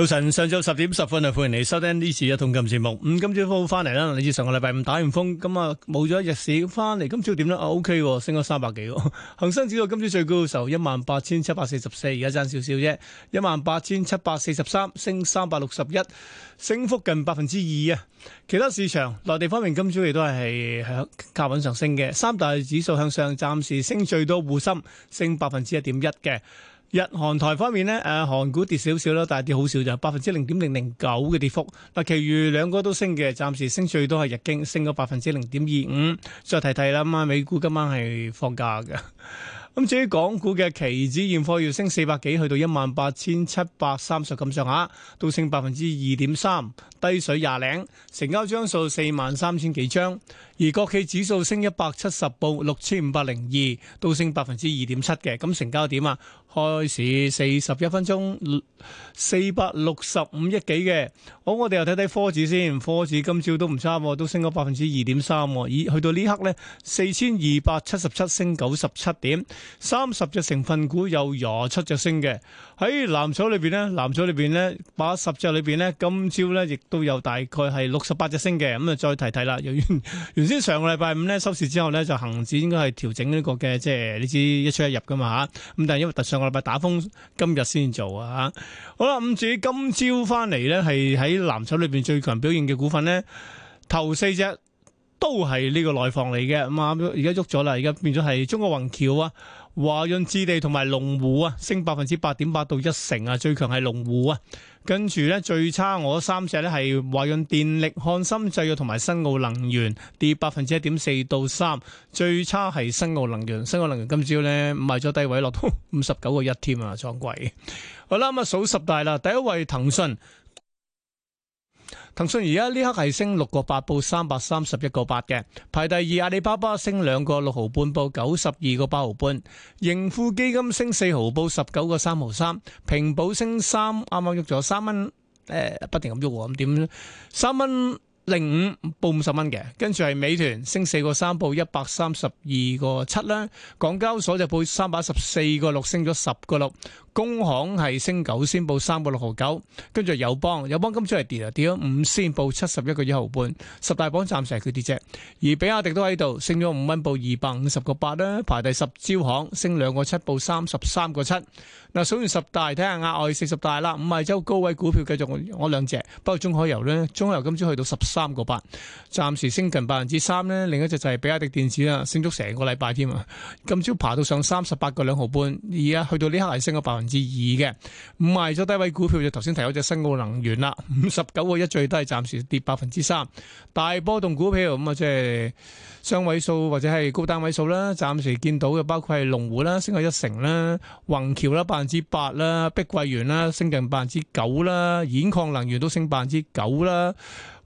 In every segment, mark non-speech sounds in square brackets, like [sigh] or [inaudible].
早晨，上晝十點十分啊，歡迎你收聽呢次嘅《通鑑》節目。咁今朝風翻嚟啦，你知上個禮拜五打完風，咁啊冇咗一日市翻嚟，今朝點呢？啊，O K，升咗三百幾。恒生指數今朝最高嘅時候一萬八千七百四十四，而家爭少少啫，一萬八千七百四十三，升三百六十一，升幅近百分之二啊。其他市場內地方面，今朝亦都係響靠穩上升嘅，三大指數向上，暫時升最多，滬深升百分之一點一嘅。日韓台方面呢誒，韓股跌少少啦，但係跌好少就百分之零點零零九嘅跌幅。嗱，其餘兩個都升嘅，暫時升最多係日經，升咗百分之零點二五。再提提啦，咁啊，美股今晚係放假㗎。咁至於港股嘅期指現貨要升四百幾，去到一萬八千七百三十咁上下，都升百分之二點三，低水廿零，成交張數四萬三千幾張。而國企指數升一百七十報，六千五百零二，都升百分之二點七嘅。咁成交點啊？開市四十一分鐘，四百六十五億幾嘅。好，我哋又睇睇科指先，科指今朝都唔差，都升咗百分之二點三喎。去到呢刻呢，四千二百七十七升九十七點，三十隻成分股有廿七隻升嘅。喺藍籌裏邊呢，藍籌裏邊呢，八十隻裏邊呢，今朝呢亦都有大概係六十八隻升嘅。咁啊，再提提啦。由於原先上個禮拜五呢收市之後呢，就恒指應該係調整呢個嘅，即係呢隻一出一入㗎嘛吓。咁但係因為特上。我禮拜打風今日先做啊！好啦，咁至於今朝翻嚟咧，係喺藍籌裏面最強表現嘅股份咧，頭四隻都係呢個內房嚟嘅。咁啊，而家喐咗啦，而家變咗係中國宏橋啊！華潤置地同埋龍湖啊，升百分之八點八到一成啊，最強係龍湖啊。跟住咧最差我三隻咧係華潤電力、漢森製藥同埋新奧能源，跌百分之一點四到三，最差係新奧能源。新奧能源今朝咧賣咗低位落到五十九個一添啊，撞櫃。好啦，咁啊數十大啦，第一位騰訊。騰訊騰訊而家呢刻係升六個八，報三百三十一個八嘅，排第二。阿里巴巴升兩個六毫半，報九十二個八毫半。盈富基金升四毫，報十九個三毫三。平保升三，啱啱喐咗三蚊，誒，不停咁喐，咁點咧？三蚊。零五報五十蚊嘅，跟住係美團升四個三報一百三十二個七啦，港交所就報三百一十四個六升咗十個六，工行係升九先報三個六毫九，跟住友邦友邦今朝係跌啊跌咗五先報七十一個一毫半，十大榜暫時係佢跌啫，而比亞迪都喺度升咗五蚊報二百五十個八啦，排第十招行升兩個七報三十三個七，嗱數完十大睇下額外四十大啦，五號周高位股票繼續我兩隻，不過中海油咧中海油今朝去到十三。三個八，暫時升近百分之三呢，另一隻就係比亞迪電子啦，升咗成個禮拜添啊！今朝爬到上三十八個兩毫半，而家去到呢刻係升咗百分之二嘅。賣咗低位股票就頭先提嗰隻新奧能源啦，五十九個一最低，暫時跌百分之三。大波動股票，咁啊，即係雙位數或者係高單位數啦，暫時見到嘅包括係龍湖啦，升咗一成啦，宏橋啦百分之八啦，碧桂園啦升近百分之九啦，兗礦能源都升百分之九啦。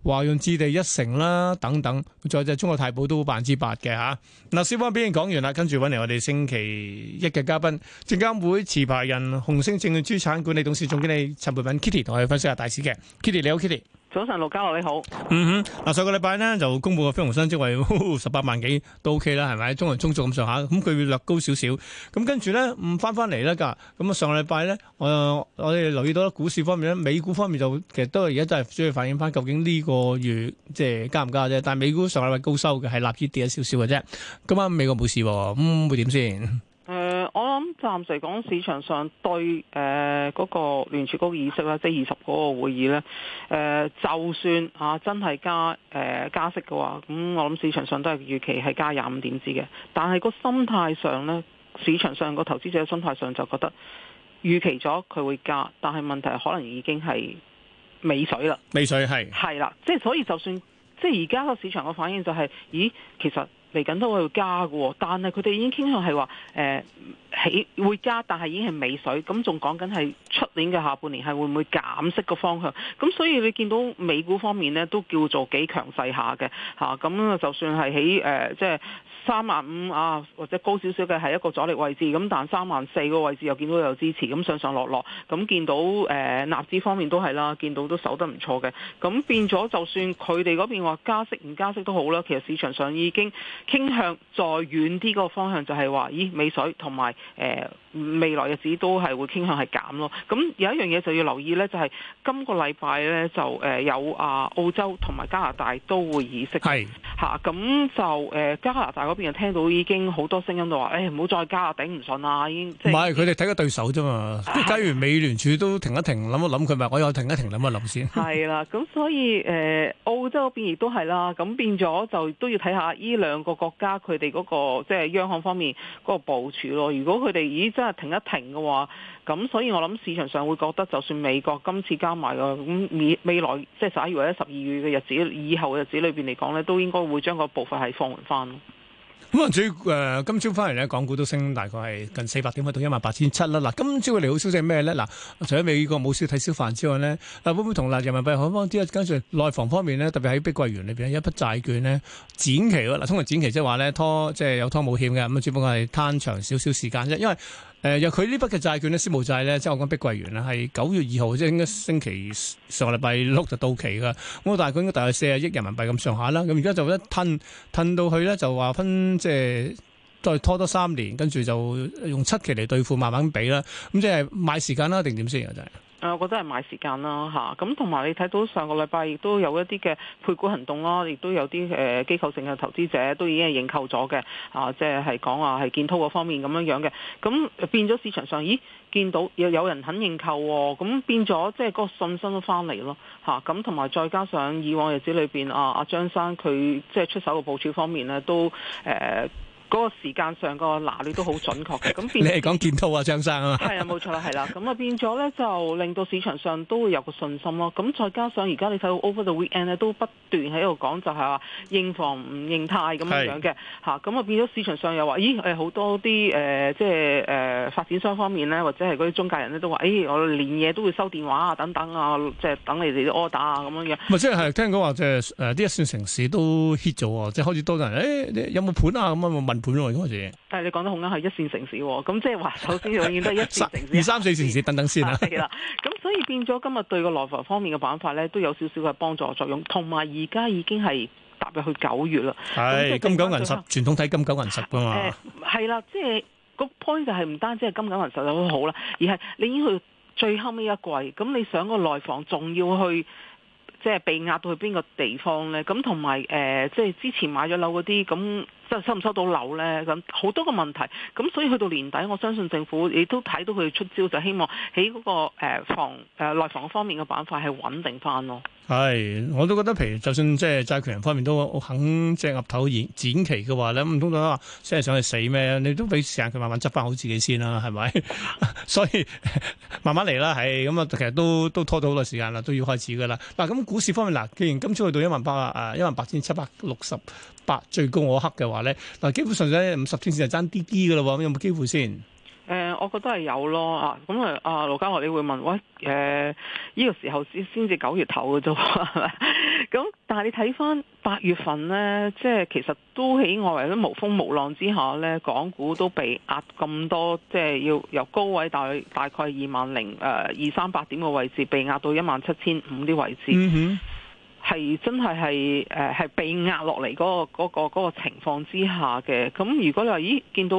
華潤置地一成啦，等等，再就中國太保都百分之八嘅吓。嗱，小方表演講完啦，跟住揾嚟我哋星期一嘅嘉賓，證監會持牌人紅星證券資產管理董事總經理陳蓓敏 Kitty 同我哋分析下大市嘅 Kitty 你好 Kitty。早晨，陸嘉樂你好。嗯哼，嗱，上個禮拜呢，就公布嘅非農新增職位 [laughs] 十八萬幾都 O K 啦，係咪？中銀中速咁上下，咁佢會略高少少。咁跟住咧，嗯翻翻嚟啦噶，咁啊上個禮拜咧，我我哋留意到股市方面咧，美股方面就其實都而家都係主要反映翻究竟呢個月即係加唔加啫。但係美股上個禮拜高收嘅，係納指跌咗少少嘅啫。今晚美國冇事，咁、嗯、會點先？咁暫時嚟講，市場上對誒嗰、呃那個聯儲局議息啦，即二十嗰個會議咧、呃，就算、啊、真係加、呃、加息嘅話，咁我諗市場上都係預期係加廿五點子嘅。但係個心態上呢，市場上個投資者的心態上就覺得預期咗佢會加，但係問題可能已經係尾水啦。尾水係係啦，即係所以就算即係而家個市場個反應就係、是，咦，其實嚟緊都會加嘅，但係佢哋已經傾向係話誒，呃起會加，但係已經係尾水，咁仲講緊係出年嘅下半年係會唔會減息個方向？咁所以你見到美股方面呢，都叫做幾強勢下嘅，咁就算係喺誒即係三萬五啊，或者高少少嘅係一個阻力位置，咁但三萬四個位置又見到又有支持，咁上上落落，咁見到誒納、呃、指方面都係啦，見到都守得唔錯嘅，咁變咗就算佢哋嗰邊話加息唔加息都好啦，其實市場上已經傾向再遠啲個方向，就，就係話咦美水同埋、呃、未來日子都係會傾向係減咯，咁。有一樣嘢就要留意呢，就係、是、今個禮拜呢，就誒有啊澳洲同埋加拿大都會議息嘅，嚇咁是、啊、就誒加拿大嗰邊啊聽到已經好多聲音就話，誒唔好再加啊，頂唔順啊，已經唔係佢哋睇緊對手啫嘛？假如美聯儲都停一停，諗一諗佢咪，我又停一停諗一諗先。係啦，咁所以誒、呃、澳洲嗰邊亦都係啦，咁變咗就都要睇下呢兩個國家佢哋嗰個即係、就是、央行方面嗰個部署咯。如果佢哋已經真係停一停嘅話，咁所以我諗市場。就會覺得，就算美國今次加埋啊，咁未未來即係十一月或者十二月嘅日子，以後嘅日子裏邊嚟講呢都應該會將個部分係放緩翻咯。咁啊、嗯，最誒、呃、今朝翻嚟呢，港股都升，大概係近四百點去到一萬八千七啦。嗱，今朝嘅利好消息係咩呢？嗱，除咗美國冇消息消散之外呢，嗱，會唔會同納人民幣兌方之外，跟住內房方面呢，特別喺碧桂園裏邊，一筆債券呢展期咯。嗱，通常展期即係話呢，拖，即係有拖冇險嘅，咁啊，只不過係攤長少少時間啫，因為。誒、呃、由佢呢筆嘅債券咧，私募債咧，就是，即係我講碧桂園啦，係九月二號即係應該星期上個禮拜六就到期㗎。咁我大概應該大概四十億人民幣咁上下啦。咁而家就一褪褪到去咧，就話分即係再拖多三年，跟住就用七期嚟兌付，慢慢俾啦。咁即係買時間啦，定點先啊？真誒，我覺得係買時間啦，咁同埋你睇到上個禮拜亦都有一啲嘅配股行動啦，亦都有啲誒機構性嘅投資者都已經係認購咗嘅，啊，即係係講話係建滔嗰方面咁樣樣嘅，咁變咗市場上，咦，見到又有人肯認購喎、哦，咁變咗即係個信心都翻嚟咯，嚇咁同埋再加上以往日子裏面，啊，阿張生佢即係出手嘅部署方面呢，都、啊、誒。嗰個時間上個拿捏都好準確嘅，咁變 [laughs] 你係講建滔啊張生啊，係啊冇錯啦，係啦，咁啊變咗咧就令到市場上都會有個信心咯。咁再加上而家你睇到 Over the Weekend 咧，都不斷喺度講就係話認房唔認貸咁樣嘅，嚇咁啊變咗市場上又話，咦，誒好多啲誒、呃、即係誒、呃、發展商方面咧，或者係嗰啲中介人咧都話，誒、欸、我連夜都會收電話啊等等啊，即係等你哋啲 order 啊咁樣嘅。咪 [laughs] 即係係聽講話即係誒啲一線城市都 hit 咗，即係開始多人誒、欸、有冇盤啊咁冇問。本的但係你講得好啱，係一線城市喎、啊。咁即係話，首先永遠都係一線城市、 [laughs] 三二三四線城市等等先啦、啊。係啦。咁所以變咗今日對個內房方面嘅辦法咧，都有少少嘅幫助作用。同埋而家已經係踏入去九月啦。係的金九銀十，後傳統睇金九銀十噶嘛。係啦、欸，即係、就是那個 point 就係唔單止係金九銀十就好啦，而係你已經去最後尾一季，咁你想個內房仲要去即係、就是、被壓到去邊個地方咧？咁同埋誒，即、呃、係、就是、之前買咗樓嗰啲咁。即係收唔收到樓咧咁，好多個問題咁，所以去到年底，我相信政府亦都睇到佢出招，就希望喺嗰個房誒、呃呃、內房方面嘅板塊係穩定翻咯。係，我都覺得譬如就算即係債權人方面都肯即係鴨頭延展期嘅話咧，唔通話即係想去死咩？你都俾時間佢慢慢執翻好自己先啦、啊，係咪？ [laughs] 所以慢慢嚟啦，係咁啊，其實都都拖咗好耐時間啦，都要開始噶啦。嗱，咁股市方面嗱，既然今朝去到一萬八啊，一萬八千七百六十八最高嗰刻嘅話咧，嗱，基本上咧，五十天線就爭啲啲嘅啦，有冇機會先？誒、呃，我覺得係有咯啊，咁啊，阿羅嘉華你會問，喂，誒、呃，呢、這個時候先至九月頭嘅啫，咁 [laughs] 但係你睇翻八月份咧，即係其實都喺外圍都無風無浪之下咧，港股都被壓咁多，即係要由高位大大概二萬零誒二三百點嘅位，位置，被壓到一萬七千五啲位置。係真係係誒係被壓落嚟嗰個嗰個嗰個情況之下嘅，咁如果你話咦見到、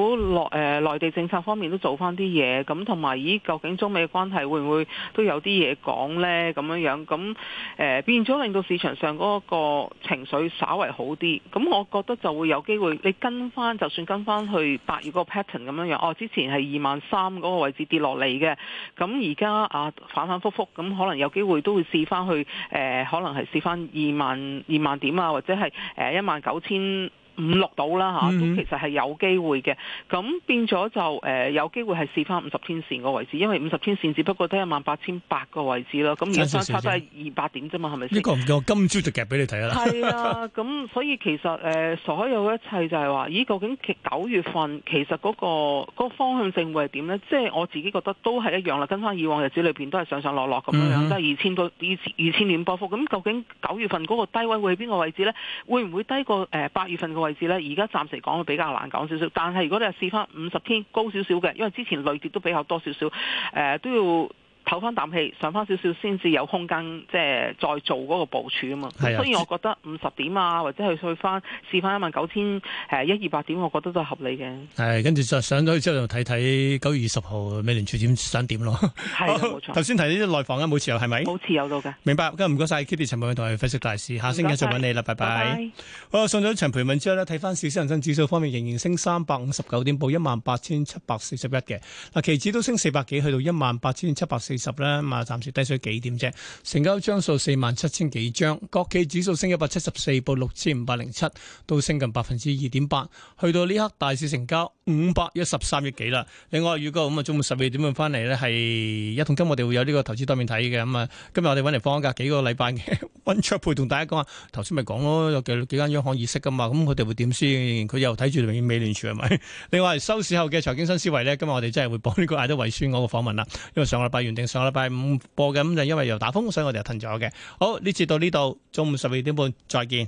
呃、內地政策方面都做翻啲嘢，咁同埋咦究竟中美嘅關係會唔會都有啲嘢講呢？咁樣樣咁誒變咗令到市場上嗰個情緒稍為好啲，咁我覺得就會有機會你跟翻，就算跟翻去八月個 pattern 咁樣樣，哦之前係二萬三嗰個位置跌落嚟嘅，咁而家啊反反覆覆咁可能有機會都會試翻去誒、呃，可能係試翻。二萬二萬點啊，或者係誒一萬九千。五六到啦吓，咁其實係有機會嘅。咁、嗯、變咗就誒有機會係試翻五十天線個位置，因為五十天線只不過得一萬八千八個位置咯。咁而家相差二百點啫嘛，係咪先？呢個唔夠，今朝就夾俾你睇啦。係啊，咁所以其實誒、呃、所有一切就係話，咦？究竟九月份其實嗰、那個那方向性會係點呢？即、就、係、是、我自己覺得都係一樣啦。跟翻以往日子裏邊都係上上落落咁樣樣，即係二千多、二千二千點波幅。咁究竟九月份嗰個低位會係邊個位置呢？會唔會低過誒八月份嘅？位置咧，而家暫時講會比較難講少少，但係如果你係試翻五十天高少少嘅，因為之前累跌都比較多少少，誒、呃、都要。唞翻啖氣，上翻少少先至有空間，即係再做嗰個部署啊嘛。所以、啊、我覺得五十點啊，或者去去翻試翻一萬九千誒一二百點，我覺得都係合理嘅。係，跟住就上咗去之後就看看，就睇睇九月二十號美聯儲點想點咯。係冇的 [laughs] 好錯。頭先提啲內房啊，冇持有係咪？冇持有到嘅。明白，今日唔該晒 Kitty 陳蓓敏同埋費雪大師，下星期再揾你啦，謝謝拜拜。拜拜。好，上咗一培盤之後呢，睇翻市人證指數方面仍然升三百五十九點，報一萬八千七百四十一嘅。嗱，期指都升四百幾，去到一萬八千七百四。十咧，咁啊，暫時低水幾點啫。成交張數四萬七千幾張，國企指數升一百七十四，報六千五百零七，都升近百分之二點八。去到呢刻大市成交五百一十三億幾啦。另外預告咁啊，中午十二點半翻嚟咧，係一桶金，我哋會有呢個投資多面睇嘅。咁啊，今日我哋揾嚟放假幾個禮拜嘅。溫卓培同大家講下，頭先咪講咯，有幾幾間央行議息噶嘛，咁佢哋會點先？佢又睇住永遠美聯儲係咪？另外收市後嘅財經新思維咧，今日我哋真係會播呢個艾德維宣嗰個訪問啦，因為上個禮拜原定上個禮拜五播嘅，咁就因為又打風，所以我哋又停咗嘅。好，呢次到呢度，中午十二點半再見。